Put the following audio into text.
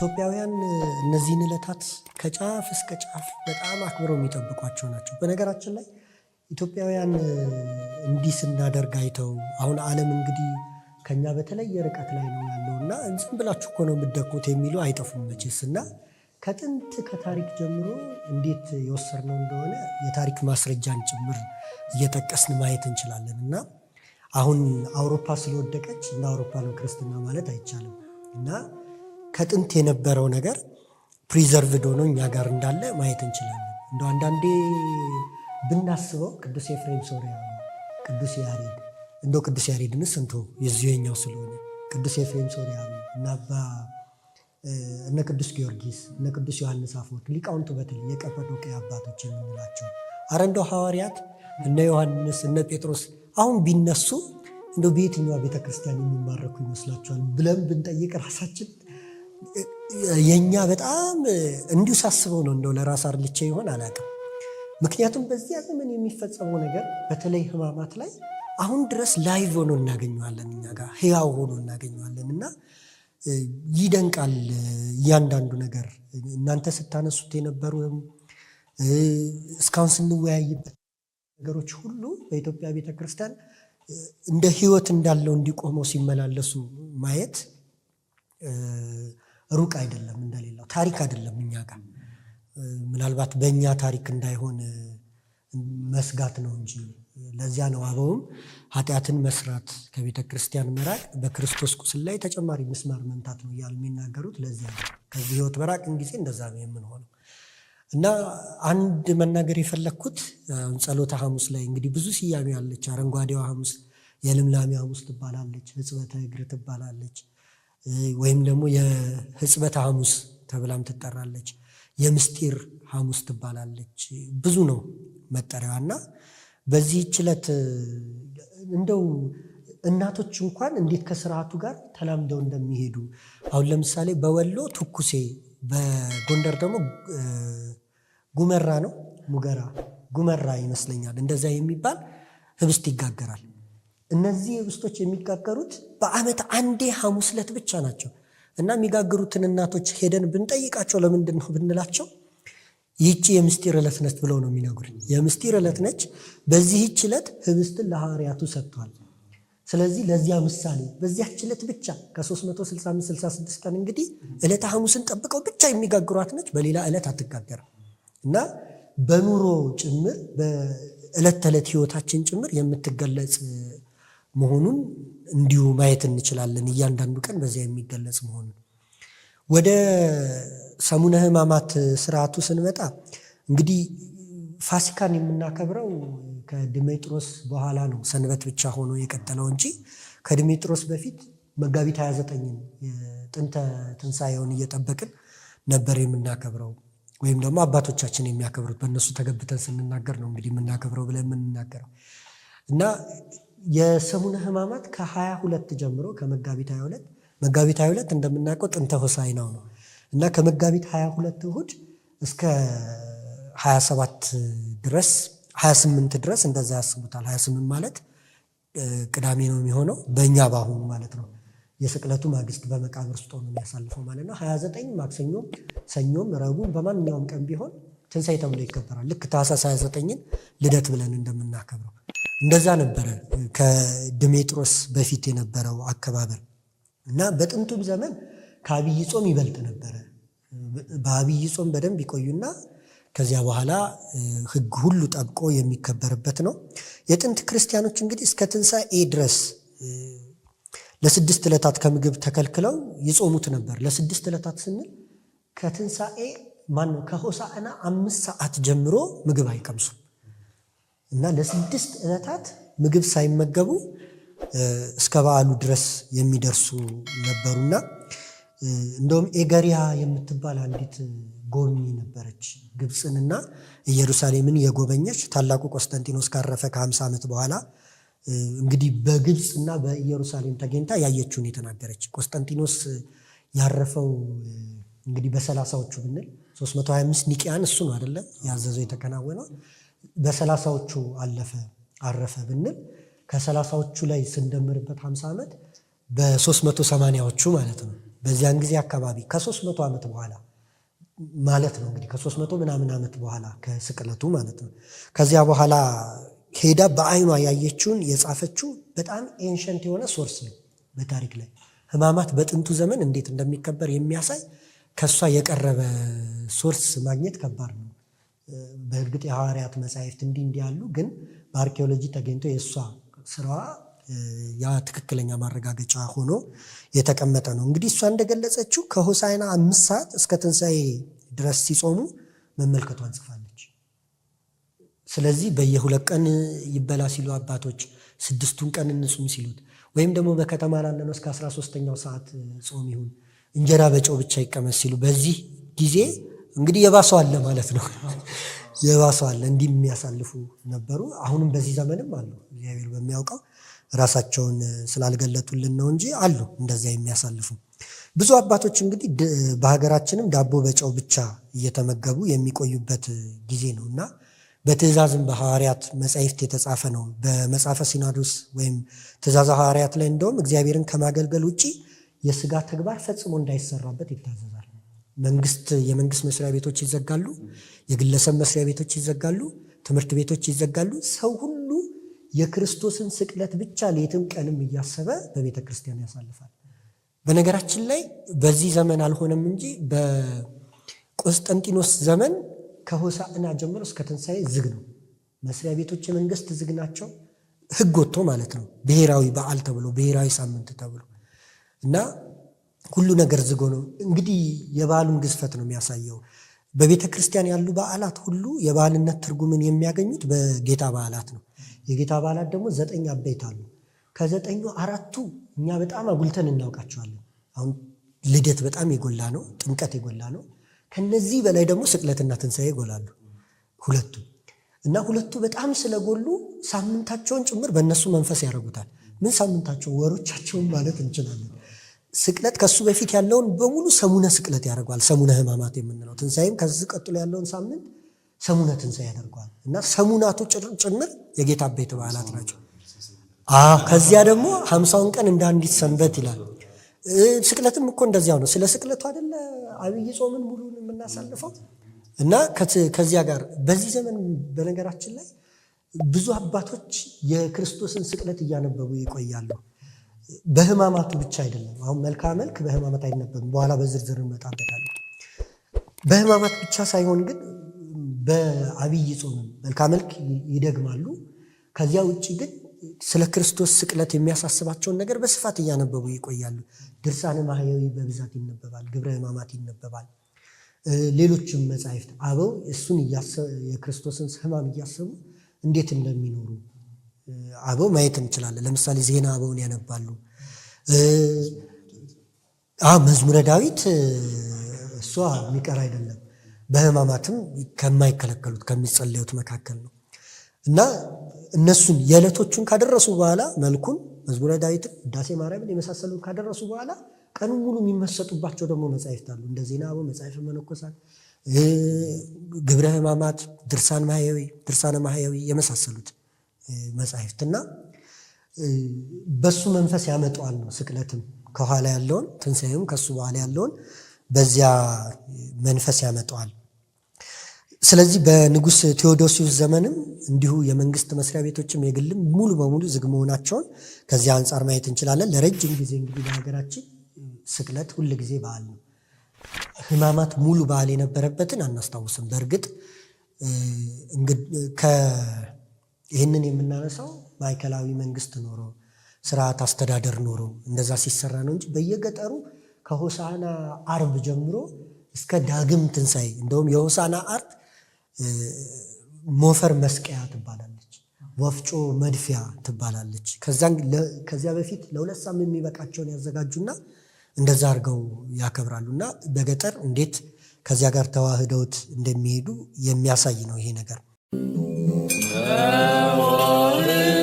ኢትዮጵያውያን እነዚህን ዕለታት ከጫፍ እስከ ጫፍ በጣም አክብረው የሚጠብቋቸው ናቸው። በነገራችን ላይ ኢትዮጵያውያን እንዲህ ስናደርግ አይተው አሁን ዓለም እንግዲህ ከኛ በተለየ ርቀት ላይ ነው ያለው እና ዝም ብላችሁ እኮ ነው የምትደቁት የሚሉ አይጠፉም መቼስ እና ከጥንት ከታሪክ ጀምሮ እንዴት የወሰድነው እንደሆነ የታሪክ ማስረጃን ጭምር እየጠቀስን ማየት እንችላለን እና አሁን አውሮፓ ስለወደቀች እንደ አውሮፓ ነው ክርስትና ማለት አይቻልም እና ከጥንት የነበረው ነገር ፕሪዘርቭድ ሆኖ እኛ ጋር እንዳለ ማየት እንችላለን። እንደ አንዳንዴ ብናስበው ቅዱስ ኤፍሬም ሶሪያ፣ ቅዱስ ያሬድ እንደ ቅዱስ ያሬድን ስንቶ የዚኛው ስለሆነ ቅዱስ ኤፍሬም ሶሪያ እና አባ እነ ቅዱስ ጊዮርጊስ እነ ቅዱስ ዮሐንስ አፈወርቅ ሊቃውንቱ በተለይ የቀጰዶቅያ አባቶች የምንላቸው አረንዳው ሐዋርያት እነ ዮሐንስ እነ ጴጥሮስ አሁን ቢነሱ እንደው በየትኛዋ ቤተክርስቲያን የሚማረኩ ይመስላችኋል ብለን ብንጠይቅ ራሳችን የእኛ በጣም እንዲሁ ሳስበው ነው እንደው ለራስ አርልቼ ይሆን አላውቅም። ምክንያቱም በዚያ ዘመን የሚፈጸመው ነገር በተለይ ህማማት ላይ አሁን ድረስ ላይቭ ሆኖ እናገኘዋለን፣ እኛ ጋር ህያው ሆኖ እናገኘዋለን እና ይደንቃል እያንዳንዱ ነገር እናንተ ስታነሱት የነበሩ እስካሁን ስንወያይበት ነገሮች ሁሉ በኢትዮጵያ ቤተክርስቲያን እንደ ህይወት እንዳለው እንዲቆመው ሲመላለሱ ማየት ሩቅ አይደለም እንደሌላው ታሪክ አይደለም እኛ ጋር ምናልባት በእኛ ታሪክ እንዳይሆን መስጋት ነው እንጂ ለዚያ ነው አበውም ኃጢአትን መስራት ከቤተ ክርስቲያን መራቅ በክርስቶስ ቁስል ላይ ተጨማሪ ምስማር መምታት ነው እያሉ የሚናገሩት ለዚያ ነው። ከዚህ ህይወት በራቅን ጊዜ እንደዛ ነው የምንሆነው እና አንድ መናገር የፈለግኩት ጸሎተ ሐሙስ ላይ እንግዲህ ብዙ ስያሜ አለች። አረንጓዴው ሐሙስ፣ የልምላሜ ሐሙስ ትባላለች፣ ህጽበተ እግር ትባላለች። ወይም ደግሞ የህጽበት ሐሙስ ተብላም ትጠራለች። የምስጢር ሐሙስ ትባላለች። ብዙ ነው መጠሪያዋ እና በዚህ ችለት እንደው እናቶች እንኳን እንዴት ከስርዓቱ ጋር ተላምደው እንደሚሄዱ አሁን ለምሳሌ በወሎ ትኩሴ፣ በጎንደር ደግሞ ጉመራ ነው ሙገራ ጉመራ ይመስለኛል እንደዚ የሚባል ህብስት ይጋገራል። እነዚህ ውስቶች የሚጋገሩት በአመት አንዴ ሐሙስ ዕለት ብቻ ናቸው እና የሚጋግሩትን እናቶች ሄደን ብንጠይቃቸው ለምንድን ነው ብንላቸው ይቺ የምስጢር ዕለት ነች ብለው ነው የሚነግሩን። የምስጢር ዕለት ነች። በዚህች ዕለት ህብስትን ለሐዋርያቱ ሰጥቷል። ስለዚህ ለዚያ ምሳሌ በዚያች ዕለት ብቻ ከ365 ቀን እንግዲህ ዕለተ ሐሙስን ጠብቀው ብቻ የሚጋግሯት ነች። በሌላ ዕለት አትጋገርም እና በኑሮ ጭምር በዕለት ተዕለት ህይወታችን ጭምር የምትገለጽ መሆኑን እንዲሁ ማየት እንችላለን። እያንዳንዱ ቀን በዚያ የሚገለጽ መሆኑን ወደ ሰሙነ ሕማማት ስርዓቱ ስንመጣ እንግዲህ ፋሲካን የምናከብረው ከድሜጥሮስ በኋላ ነው። ሰንበት ብቻ ሆኖ የቀጠለው እንጂ ከድሜጥሮስ በፊት መጋቢት 29 ጥንተ ትንሣኤውን እየጠበቅን ነበር የምናከብረው ወይም ደግሞ አባቶቻችን የሚያከብሩት በእነሱ ተገብተን ስንናገር ነው እንግዲህ የምናከብረው ብለን የምንናገረው እና የሰሙነ ህማማት ከ22 ጀምሮ ከመጋቢት 22 መጋቢት 22 እንደምናውቀው ጥንተ ሆሳይናው ነው እና ከመጋቢት 22 እሁድ እስከ 27 ድረስ 28 ድረስ እንደዛ ያስቡታል። 28 ማለት ቅዳሜ ነው የሚሆነው በእኛ ባሁኑ ማለት ነው። የስቅለቱ ማግስት በመቃብር ውስጥ ሆኖ የሚያሳልፈው ማለት ነው። 29 ማክሰኞም፣ ሰኞም፣ ረቡም በማንኛውም ቀን ቢሆን ትንሳይ ተብሎ ይከበራል። ልክ ታህሳስ 29ን ልደት ብለን እንደምናከብረው እንደዛ ነበረ ከድሜጥሮስ በፊት የነበረው አከባበር እና በጥንቱም ዘመን ከአብይ ጾም ይበልጥ ነበረ። በአብይ ጾም በደንብ ይቆዩና ከዚያ በኋላ ሕግ ሁሉ ጠብቆ የሚከበርበት ነው። የጥንት ክርስቲያኖች እንግዲህ እስከ ትንሣኤ ድረስ ለስድስት ዕለታት ከምግብ ተከልክለው ይጾሙት ነበር። ለስድስት ዕለታት ስንል ከትንሣኤ ማነው ከሆሳዕና አምስት ሰዓት ጀምሮ ምግብ አይቀምሱም። እና ለስድስት ዕለታት ምግብ ሳይመገቡ እስከ በዓሉ ድረስ የሚደርሱ ነበሩና እንደውም ኤገሪያ የምትባል አንዲት ጎብኚ ነበረች። ግብፅንና ኢየሩሳሌምን የጎበኘች ታላቁ ቆስጠንጢኖስ ካረፈ ከ50 ዓመት በኋላ እንግዲህ በግብፅና በኢየሩሳሌም ተገኝታ ያየችውን የተናገረች። ቆስጠንጢኖስ ያረፈው እንግዲህ በሰላሳዎቹ ብንል 325 ኒቅያን እሱ ነው አይደለም ያዘዘው የተከናወነው በሰላሳዎቹ አለፈ አረፈ ብንል ከሰላሳዎቹ ላይ ስንደምርበት ሀምሳ ዓመት በ380ዎቹ ማለት ነው። በዚያን ጊዜ አካባቢ ከ300 ዓመት በኋላ ማለት ነው እንግዲህ ከ300 ምናምን ዓመት በኋላ ከስቅለቱ ማለት ነው። ከዚያ በኋላ ሄዳ በአይኗ ያየችውን የጻፈችው በጣም ኤንሸንት የሆነ ሶርስ ነው በታሪክ ላይ ህማማት በጥንቱ ዘመን እንዴት እንደሚከበር የሚያሳይ ከእሷ የቀረበ ሶርስ ማግኘት ከባድ ነው። በእርግጥ የሐዋርያት መጻሕፍት እንዲህ እንዲህ ግን በአርኪኦሎጂ ተገኝቶ የእሷ ስራዋ ያ ትክክለኛ ማረጋገጫ ሆኖ የተቀመጠ ነው። እንግዲህ እሷ እንደገለጸችው ከሆሳይና አምስት ሰዓት እስከ ትንሣኤ ድረስ ሲጾሙ መመልከቷን ጽፋለች። ስለዚህ በየሁለት ቀን ይበላ ሲሉ አባቶች ስድስቱን ቀን እንጹም ሲሉት ወይም ደግሞ በከተማ ላለነው እስከ አስራ ሦስተኛው ሰዓት ጾም ይሁን እንጀራ በጨው ብቻ ይቀመስ ሲሉ በዚህ ጊዜ እንግዲህ የባሰው አለ ማለት ነው። የባሰው አለ እንዲህ የሚያሳልፉ ነበሩ። አሁንም በዚህ ዘመንም አሉ። እግዚአብሔር በሚያውቀው ራሳቸውን ስላልገለጡልን ነው እንጂ አሉ እንደዚያ የሚያሳልፉ ብዙ አባቶች እንግዲህ በሀገራችንም ዳቦ በጨው ብቻ እየተመገቡ የሚቆዩበት ጊዜ ነው እና በትእዛዝም በሐዋርያት መጻሕፍት የተጻፈ ነው። በመጽሐፈ ሲናዶስ ወይም ትእዛዘ ሐዋርያት ላይ እንደውም እግዚአብሔርን ከማገልገል ውጭ የስጋ ተግባር ፈጽሞ እንዳይሰራበት ይታዘዛል። መንግስት የመንግስት መስሪያ ቤቶች ይዘጋሉ፣ የግለሰብ መስሪያ ቤቶች ይዘጋሉ፣ ትምህርት ቤቶች ይዘጋሉ። ሰው ሁሉ የክርስቶስን ስቅለት ብቻ ሌትም ቀንም እያሰበ በቤተ ክርስቲያን ያሳልፋል። በነገራችን ላይ በዚህ ዘመን አልሆነም እንጂ በቆስጠንጢኖስ ዘመን ከሆሳዕና ጀምሮ እስከ ትንሣኤ ዝግ ነው። መስሪያ ቤቶች የመንግስት ዝግ ናቸው። ህግ ወጥቶ ማለት ነው። ብሔራዊ በዓል ተብሎ ብሔራዊ ሳምንት ተብሎ እና ሁሉ ነገር ዝጎ ነው። እንግዲህ የበዓሉን ግዝፈት ነው የሚያሳየው። በቤተ ክርስቲያን ያሉ በዓላት ሁሉ የበዓልነት ትርጉምን የሚያገኙት በጌታ በዓላት ነው። የጌታ በዓላት ደግሞ ዘጠኝ አበይት አሉ። ከዘጠኙ አራቱ እኛ በጣም አጉልተን እናውቃቸዋለን። አሁን ልደት በጣም የጎላ ነው፣ ጥምቀት የጎላ ነው። ከነዚህ በላይ ደግሞ ስቅለትና ትንሣኤ ይጎላሉ ሁለቱ እና ሁለቱ በጣም ስለጎሉ ሳምንታቸውን ጭምር በእነሱ መንፈስ ያደርጉታል። ምን ሳምንታቸው ወሮቻቸውን ማለት እንችላለን ስቅለት ከሱ በፊት ያለውን በሙሉ ሰሙነ ስቅለት ያደርገዋል። ሰሙነ ህማማት የምንለው ትንሣኤም ከዚ ቀጥሎ ያለውን ሳምንት ሰሙነ ትንሣኤ ያደርገዋል እና ሰሙናቱ ጭምር የጌታ ቤት በዓላት ናቸው። ከዚያ ደግሞ ሀምሳውን ቀን እንደ አንዲት ሰንበት ይላል። ስቅለትም እኮ እንደዚያው ነው። ስለ ስቅለቱ አይደለ አብይ ጾምን ሙሉን የምናሳልፈው እና ከዚያ ጋር በዚህ ዘመን በነገራችን ላይ ብዙ አባቶች የክርስቶስን ስቅለት እያነበቡ ይቆያሉ። በህማማቱ ብቻ አይደለም። አሁን መልካ መልክ በህማማት አይነበብም፣ በኋላ በዝርዝር እንመጣበታለን። በህማማት ብቻ ሳይሆን ግን በአብይ ጾምም መልካ መልክ ይደግማሉ። ከዚያ ውጭ ግን ስለ ክርስቶስ ስቅለት የሚያሳስባቸውን ነገር በስፋት እያነበቡ ይቆያሉ። ድርሳነ ማህያዊ በብዛት ይነበባል፣ ግብረ ህማማት ይነበባል። ሌሎችም መጽሐፍት አበው እሱን የክርስቶስን ህማም እያሰቡ እንዴት እንደሚኖሩ አበው ማየት እንችላለን። ለምሳሌ ዜና አበውን ያነባሉ። መዝሙረ ዳዊት እሷ የሚቀር አይደለም። በህማማትም ከማይከለከሉት ከሚጸለዩት መካከል ነው እና እነሱን የዕለቶቹን ካደረሱ በኋላ መልኩን መዝሙረ ዳዊትን ውዳሴ ማርያምን የመሳሰሉት ካደረሱ በኋላ ቀኑ ሙሉ የሚመሰጡባቸው ደግሞ መጻሕፍት አሉ። እንደ ዜና አበው መጽሐፈ መነኮሳት፣ ግብረ ህማማት ድርሳን ማህያዊ፣ ድርሳነ ማህያዊ የመሳሰሉት መጻሕፍትና በሱ መንፈስ ያመጣዋል ነው። ስቅለትም ከኋላ ያለውን ትንሣኤም ከሱ በኋላ ያለውን በዚያ መንፈስ ያመጣዋል። ስለዚህ በንጉሥ ቴዎዶሲዩስ ዘመንም እንዲሁ የመንግስት መስሪያ ቤቶችም የግልም ሙሉ በሙሉ ዝግ መሆናቸውን ከዚያ አንጻር ማየት እንችላለን። ለረጅም ጊዜ እንግዲህ በሀገራችን ስቅለት ሁል ጊዜ በዓል ነው። ሕማማት ሙሉ በዓል የነበረበትን አናስታውስም። በእርግጥ ይህንን የምናነሳው ማዕከላዊ መንግስት ኖሮ ስርዓት አስተዳደር ኖሮ እንደዛ ሲሰራ ነው እንጂ በየገጠሩ ከሆሳና አርብ ጀምሮ እስከ ዳግም ትንሣኤ እንደውም የሆሳና አርብ ሞፈር መስቀያ ትባላለች፣ ወፍጮ መድፊያ ትባላለች። ከዚያ በፊት ለሁለት ሳምንት የሚበቃቸውን ያዘጋጁና እንደዛ አድርገው ያከብራሉ። እና በገጠር እንዴት ከዚያ ጋር ተዋህደውት እንደሚሄዱ የሚያሳይ ነው ይሄ ነገር። There was